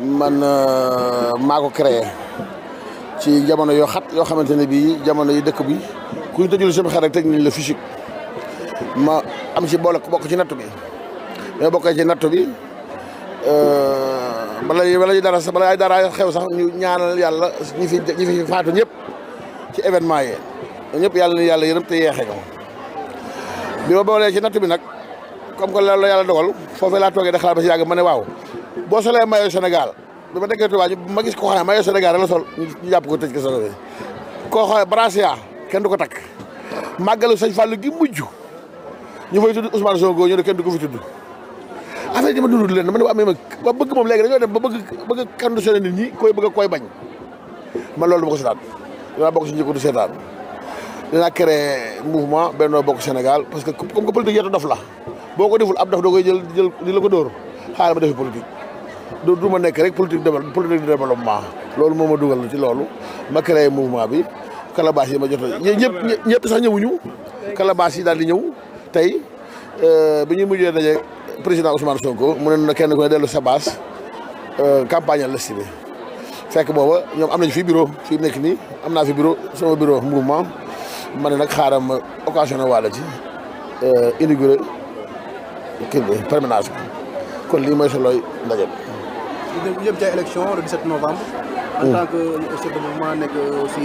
man euh, mago ko ci jamono yoo xat yoo xamante ne bii jamono yi dëkk bi kuy tëjul sama xel rek teg nañ la physique ma am ci boole bokk ci nattu bi mais bokkee ci nattu bi euh, bala bala dara sax bala ay dara xew sax ñu ñaanal yàlla ñi fi faatu ñëpp ci événement yi ñëpp yàlla na yàlla yërëm te yeexe ñoo bi ma boolee ci nattu bi nag comme que loolu la yàlla dogal foofee laa toogee da xalaat ba si yàgg ma waaw bo solé maillot Sénégal bima déggé nekkee Touba ma gis ko xoy ne maillot Sénégal la sol ñu japp ko tej ko solé ko xoy brasia Brassia kenn du ko takk màggalu sëñ Fallou gi mujju ñu fay tuddu Ousmane Sonko ñu ne kenn du ko fi tudd affaire yi ma dundul leen dama ne amee ma bëgg mom légui dañu dem ba bëgg bëgg a sénégal nit ñi koy bëgg koy bañ ma loolu bako sétat ko bako dinaa bokk si du sétat dina créer mouvement Benno Bokk Sénégal parce que comme que politique yetu dof la boko deful ab dof dogay jël jël di la ko dóor xaaral ma def politique du du ma nekk rek politique de politique de développement loolu moo ma dugal ci loolu ma créé mouvement bi calebasse yi ma jot a ñëpp ñëpp sax ñëwuñu calebasse yi daal di ñëw tey euh, bi ñu mujjee daje président Ousmane Sonko mu ne na kenn ku ne dellu sa base euh, campagne liste bi fekk booba ñoom am nañu fi bureau fi nekk nii am naa fi bureau sama bureau mouvement ma ne nag xaaral ma occasion na wàll ci euh, inauguré kii bi permanence kon lii mooy solooy ndaje bi ñu jëm ca élection le 17 novembre. en tant que chef de mouvement nekk aussi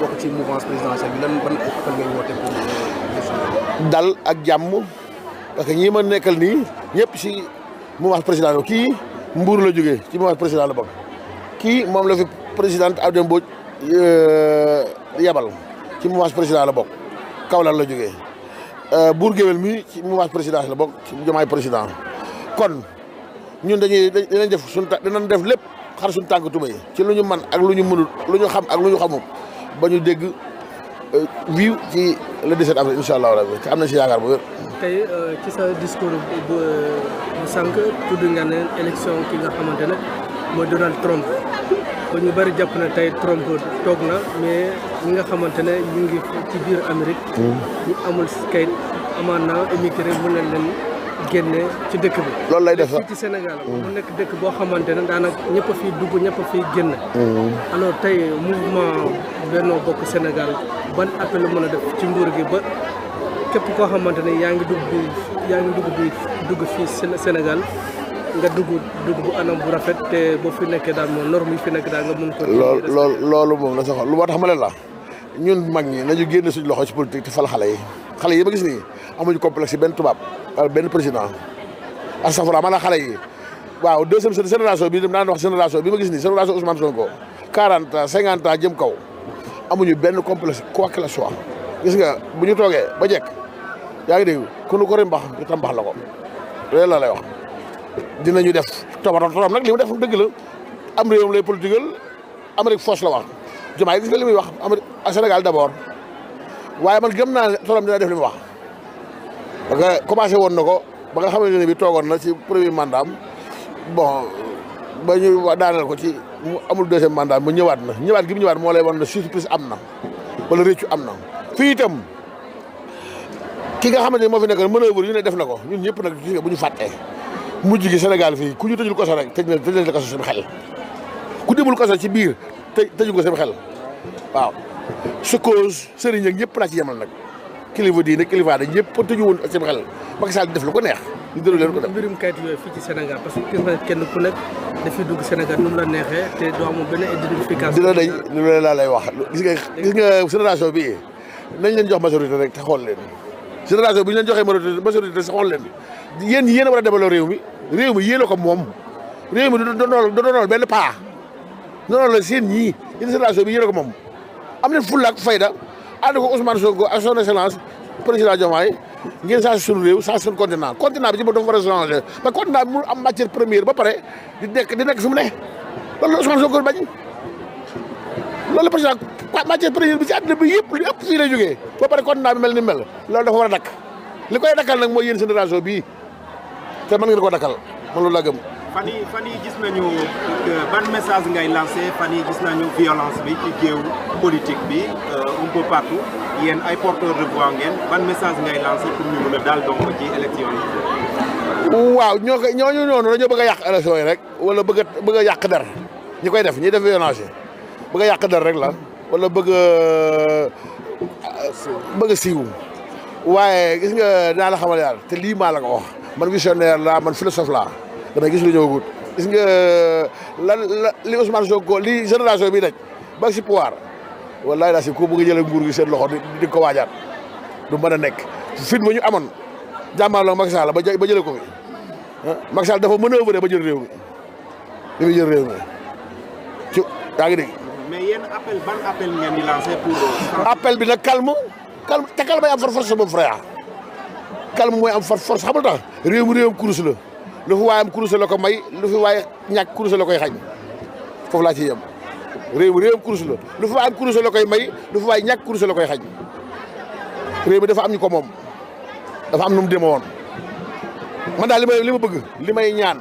bokk ci mouvance présidentielle bi lan ban appel ngeen woote pour dal ak jàmm parce que ñi ma nekkal nii ñëpp si mouvance présidentielle kii Mbour la jógee ci mouvance présidentielle la bokk kii moom la fi présidente Abdou Mbodj yabal ci mouvance présidentielle la bokk Kaolack la jógee Bour Guéwél mi ci la ci président kon. ñun dañuy dinañ def suñ dinañ def lépp xar suñ tànk tuma yi ci lu ñu man ak lu ñu mënul lu ñu xam ak lu ñu xamul ba ñu dégg wiiw euh, ci le 17 avril incha allahu rabbi te am na si yaakaar bu wér. tey euh, ci sa discours bu sànq tudd nga ne élection ki nga xamante ne mooy Donald Trump ba ñu bëri jàpp na tey Trump toog na mais ñi nga xamante ne ñu ngi ci biir Amérique. Hmm. ñu amul kayit amaan na émigré mu ne leen. génne ci dëkk bi. loolu lay def ci Sénégal. mu nekk dëkk boo xamante ne daanaka ñëpp a fiy dugg ñëpp a fiy génn. Mm-hmm. alors tey mouvement Benno Bokk Sénégal ban appel la mën a def ci nguur gi ba képp koo xamante ne yaa ngi dugg bi yaa ngi dugg bi dugg fii Sénégal. nga dugg dugg bu anam bu rafet te boo fi nekkee daal moom norme yi fi nekk daal nga mun ko. loolu loolu moom la sax lu ma tax ma la ñun mag ñi nañu génn suñu loxo ci politique te fal xale yi xale yi ma gis nii amu ñu complexe ben tubab wala ben président astafurlah mala xalé yi waaw deuxième génération bi dem na wax génération bi ma gis ni génération Ousmane Sonko 40 ans 50 ans jëm kaw amu ñu ben complexe quoi que la soit gis nga bu ñu toogee ba jek yaa ngi dégg ku ñu ko ri mbax ñu tam mbax la ko loolu la lay wax dinañu def tobar torom nak limu def deug la am réewam lay am rek fosse la wax jumaay gis nga limuy wax am Sénégal d'abord waye man gëm na ne torom dina def limu wax ba nga commencé woon na ko ba nga xamante ne bi toogoon na ci premier mandat am bon ba waa daaneel ko ci mu amul deuxième mandat mu ñëwaat na ñëwaat gi mu ñëwaat moo lay wan ne surprise am na wala réccu am na fii itam ki nga xamante ne moo fi nekk manœuvre yu ne def na ko ñun ñëpp nag gis nga bu ñu fàttee mujj gi Sénégal fii ku ñu tëjul kaso rek tëj na tëj na kaso seen xel ku demul kaso ci biir tëj tëjul ko seen xel waaw su cause sëriñ ak ñëpp laa ci yemal nag kilifa diine kilifa dañ yëpp tëju woon seen xel Macky Sall def lu ko neex ñu dëru leen ko def mbirum kayit yooyu dugg Sénégal nu la neexee te doo amul lay wax gis nga gis nga génération bi nañ leen jox majorité rek te xool leen génération bi ñu leen joxee majorité majorité si xool leen yéen yéen a war a développé réew mi réew mi yéen ko moom réew mi du benn paa doonool la seen ñii yéen génération bi yéen a ko moom am leen fulla ak fayda ànd ko Ousmane Sonko ak son excellence président Diomaye ngeen saa suñu réew saa suñu continent continent bi ci boppam war a changer parce que continent bi mu am matière première ba pare di nekk di nekk fi mu ne loolu la Ousmane Sonko bañ loolu la président matière première bi ci àddina bi yëpp lu ëpp fii lay jógee ba pare continent bi mel ni mel loolu dafa war a dakk li koy dakkal nag mooy yéen génération bii te mën ngeen ko dakkal man loolu laa gëm. Fani Fani gis nañu ban message ngay lancer Fani gis nañu violence bi ci politique bi euh, un peu partout yéen ay porteur de voix ngeen ban message ngay lancé pour ñu mën a donc ci élection waaw ñoo ko ñooñu bëgg élection rek wala bëgg bëgg a yàq der def ñi def violence bëgg rek la wala bëgg euh, bëgg a siiw gis nga dinaa la xamal yàlla te lii la wax man visionnaire man philosophe da damay gis lu ñëwagut gis nga lan li Ousmane Sonko li génération bi daj ba ci pouvoir wallahi la ci ko bëgg a jëlee nguur gi seen loxo di ko wajjat du mëna nek nekk fit ma ñu amoon jàmmaarloo Macky Sall ba ba jël ko fi Macky Sall dafa manœuvrer ba jël réew mi li jël réew mi ci yaa ngi mais yéen appel ban appel ngeen di lancer pour. appel bi nak calme calme te calme ay force moom frère calme moy am far force xamul tax rew mi réewam kurus la. lu fi waayam kurus la ko may lu waay ñàkk kurus la koy xañ foofu laa ci yem réew mi réewam kurus la lu fi waayam kurus la koy may lu fi waay ñàkk kurus la koy xañ réew mi dafa am ñu ko moom dafa am nu mu demoon man daal li may li ma bëgg li may ñaan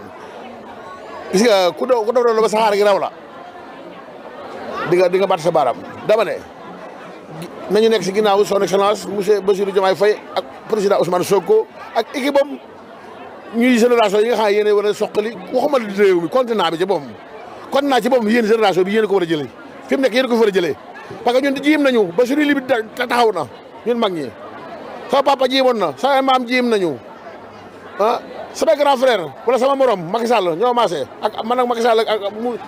gis ku doon ku doon la ba saxaar gi raw la di nga di nga baat sa dama ne nañu nekk si ginnaaw son excellence monsieur Bassirou Diomaye Faye ak président Ousmane Sonko ak équipe am ñuy génération yi nga xam ne yéen a war a soqali waxuma la réew mi continent bi ci boppam continent ci boppam yéen génération bi yéen a ko war a jëlee fi mu nekk yéen a ko fi war jëlee parce que ñun jiim nañu ba suñu limite taxaw na ñun mag ñi sama papa jiimoon na sama maam jiim nañu ah sama grand frère wala sama morom Macky Sall ñoo maase ak man ak Macky Sall ak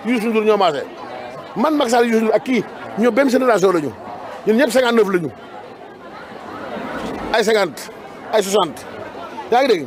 ñoo maase man Macky Sall Youssou Ndour ak kii ñoo benn génération la ñu ñun ñëpp 59 la ñu ay 50 ay yaa ngi dégg.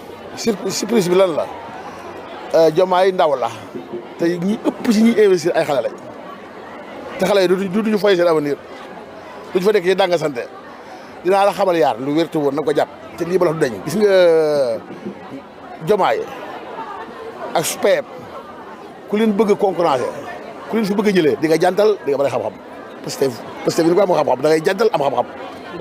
surprise bi lan la Diomaye ndaw la te ñi ëpp ci ñuy investir ay xale lañ te xale yi du duñu fay seen avenir duñu fa nekk yi danga sante dinaa la xamal yaar lu wértu woon na ko jàpp te lii ba la du dañ gis nga Diomaye ak PEP ku leen bëgg a concurrencer ku leen fi bëgg a di nga jantal di nga bëri xam-xam Pastef Pastef ni ko am xam-xam da ngay jantal am xam-xam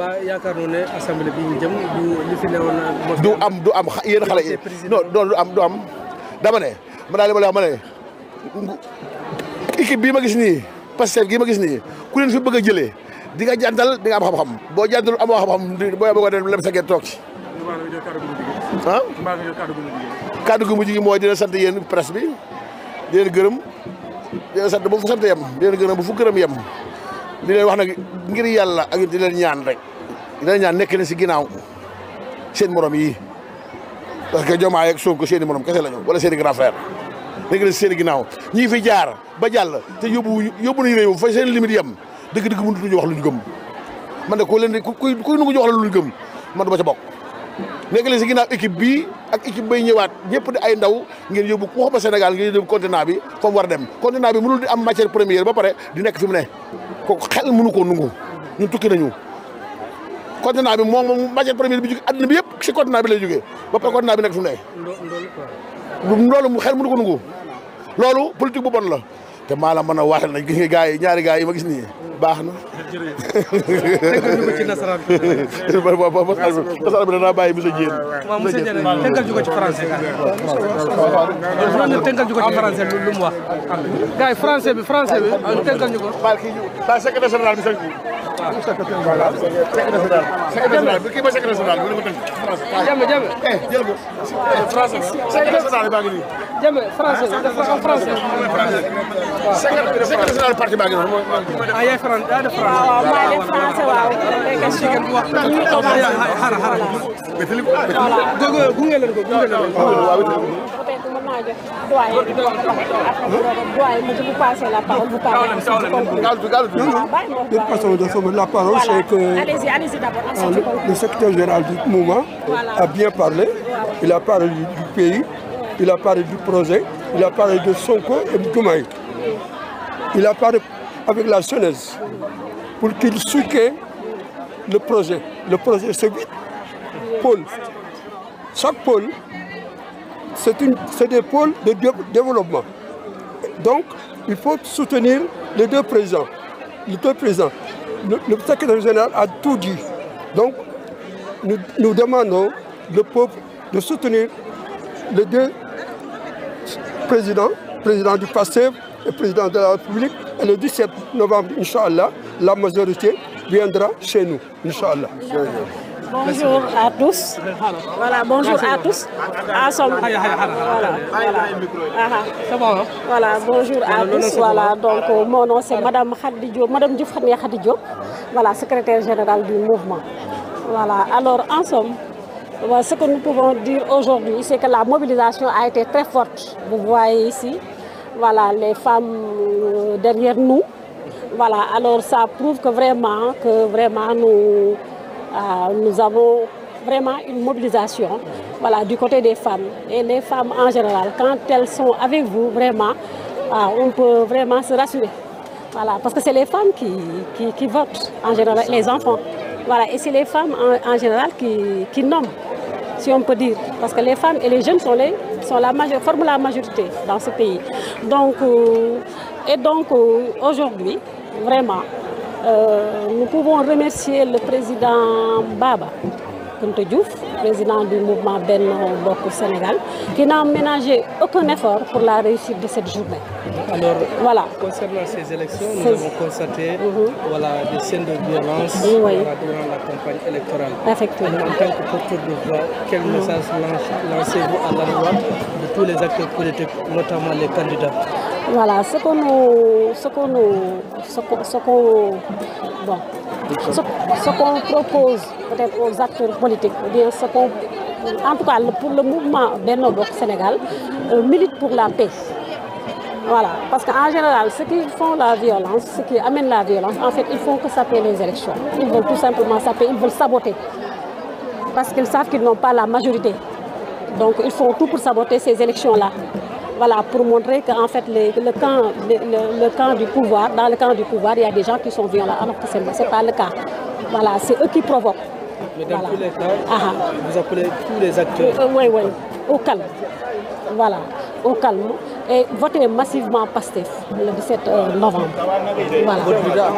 ba yaakaar ne assemblée bi ñu jëm du li fi newoon du am du am yéen xale yi non do am do am dama ne ma daal li ma lay wax ma ne équipe bii ma gis nii Pastef gii ma gis nii ku leen fi bëgg a di nga jantal di nga am xam-xam boo jantal amoo xam-xam boo yaboo ko dem lem sa gerte toog ci ah kaddu gu mujj gi mooy dina sant yéen presse bi di leen gërëm di leen sant bu fu sant yem di leen gërëm bu fu gërëm yem di leen wax nag ngir yàlla ak di leen ñaan rek di leen ñaan nekk na si ginaaw seen morom yi parce que Diomaye ak ko seen i morom kese la ñu wala seen i grand frère nekk na si seen ginnaaw ñii fi jaar ba jàll te yóbbu yóbbu nañu réew fa seen limite yem dëgg-dëgg mënatuñu wax lu ñu gëm man de ko leen di ku kuy nangu ñu wax lu ñu gëm man du ma bokk. nekk leen si ginnaaw équipe bi ak équipe bay ñëwaat ñëpp di ay ndaw ngeen yóbbu waxuma senegal ngeen yóbbu continent bi fa mu war dem continent bi mënul di am matière première ba pare di nekk mu kooku xel mënu koo nungu ñu tukki nañu continent bi moom moom matière première bi jóge adduna bi yëpp si continent bi lay jógee ba pare continent bi nekk fu mu ne. xel mënu ko nungu loolu politique bu bon la. te maa la na a waxal nag gis nga yi ñaari gars yi ma gis baax na. ci nasaraan bi danaa bàyyi monsieur Diène. waaw monsieur Diène tënkal ju ko ci français. waaw tënkal ju ko ci français lu bi français bi tënkal ñu ko. waa kii ñu waa secrétaire général voilà secrétaire général secrétaire général bi kii mooy secrétaire général bi wala nga tënk français. jàmm jàmm eh jël ko français secrétaire général baa ngi nii. jàmm français dafa am français. mooy français secrétaire général parti baa ngi nii mooy. ah yaay français daa def français. waaw maa ngi français waaw. xaaral xaaral. gunge leen ko gunge leen ko. vous De parlez vous de la parole, voilà. c'est que allez -y, allez -y en, le, le, secteur général du mouvement a bien parlé. Il a parlé du, pays, il a parlé du projet, il a parlé de Sonko et de Toumaï. Il a parlé avec la jeunesse pour qu'il soutienne le projet. Le projet, c'est vite Paul. Chaque pôle c'est des pôles de développement. Donc, il faut soutenir les deux présents, Les deux présents. Le, secrétaire général a tout dit. Donc, nous, demandons le peuple de soutenir les deux présidents, président du passé et président de la République. Et le 17 novembre, Inch'Allah, la majorité viendra chez nous, Inch'Allah. Bonjour à tous. Voilà, bonjour à tous. Voilà. voilà, bonjour à tous. Voilà, donc euh, mon nom c'est Madame Khadidjo, Madame Khadidjo, voilà, secrétaire générale du mouvement. Voilà, alors en somme, ce que nous pouvons dire aujourd'hui, c'est que la mobilisation a été très forte. Vous voyez ici, voilà, les femmes euh, derrière nous. Voilà, alors ça prouve que vraiment, que vraiment nous euh, nous avons vraiment une mobilisation voilà, du côté des femmes. Et les femmes en général, quand elles sont avec vous, vraiment, euh, on peut vraiment se rassurer. Voilà, parce que c'est les femmes qui, votent, en général, les enfants. Voilà, et c'est les femmes en, général qui, qui, nomment, si on peut dire. Parce que les femmes et les jeunes sont, les, sont la majeure forment la majorité dans ce pays. Donc, euh, et donc, aujourd'hui, vraiment, euh, nous pouvons remercier le président Baba Kunte Diouf, président du mouvement Ben Boko Sénégal, qui n'a ménagé aucun effort pour la réussite de cette journée. Alors, voilà. concernant ces élections, nous avons constaté mhm. voilà, des scènes de violence durant la campagne électorale. Effectivement. en tant que porteur de voix, quel message mhm. lancez-vous à la loi de tous les acteurs politiques, notamment les candidats voilà, ce qu'on ce qu'on propose peut-être aux acteurs politiques, ce en tout cas pour le mouvement Benno Bokk Sénégal, euh, milite pour la paix. Voilà, parce qu'en général, ce qui font la violence, ceux qui amènent la violence, en fait, ils font que saper les élections. Ils veulent tout simplement saper, ils veulent saboter. Parce qu'ils savent qu'ils n'ont pas la majorité. Donc, ils font tout pour saboter ces élections-là voilà, pour montrer qu'en fait, le, camp, le, camp du pouvoir, dans le camp du pouvoir, il y a des gens qui sont violents, alors ce n'est pas le cas. Voilà, c'est eux qui provoquent. Mais dans tous les cas, ah ah. vous appelez tous les acteurs Oui, euh, oui, au calme. Voilà, au calme. Et votez massivement PASTEF le 17 euh, novembre. Voilà. Votre leader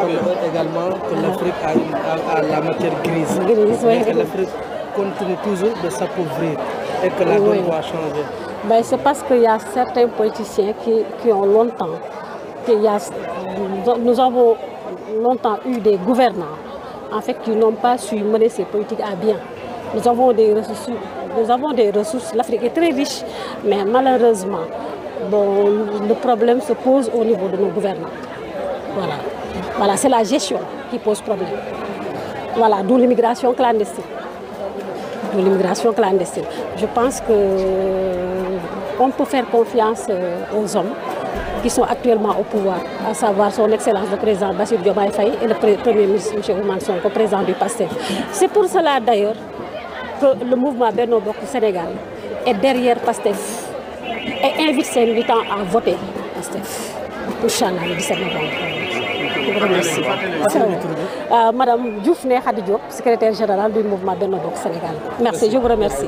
également que l'Afrique a, la matière grise. Et que l'Afrique continue toujours de s'appauvrir et que la donne doit changer c'est ben, parce qu'il y a certains politiciens qui, ont longtemps, y nous avons longtemps eu des gouvernants, en fait, qui n'ont pas su mener ces politiques à bien. Nous avons des ressources, nous avons des ressources. L'Afrique est très riche, mais malheureusement, bon, le problème se pose au niveau de nos gouvernants. Voilà, voilà c'est la gestion qui pose problème. Voilà, d'où l'immigration clandestine. D'où l'immigration clandestine. Je pense que on peut faire confiance euh, aux hommes qui sont actuellement au pouvoir, à savoir son Excellence le président Bassir Diomaye et le Premier ministre M. Oumanson, Sonko, président du PASTEF. C'est pour cela d'ailleurs que le mouvement Beno Sénégal est derrière PASTEF et invite ses militants à voter PASTEF. pour le 17 novembre vous remercie. Euh, madame Diouf secrétaire générale du mouvement Benno Sénégal. Merci, je vous remercie.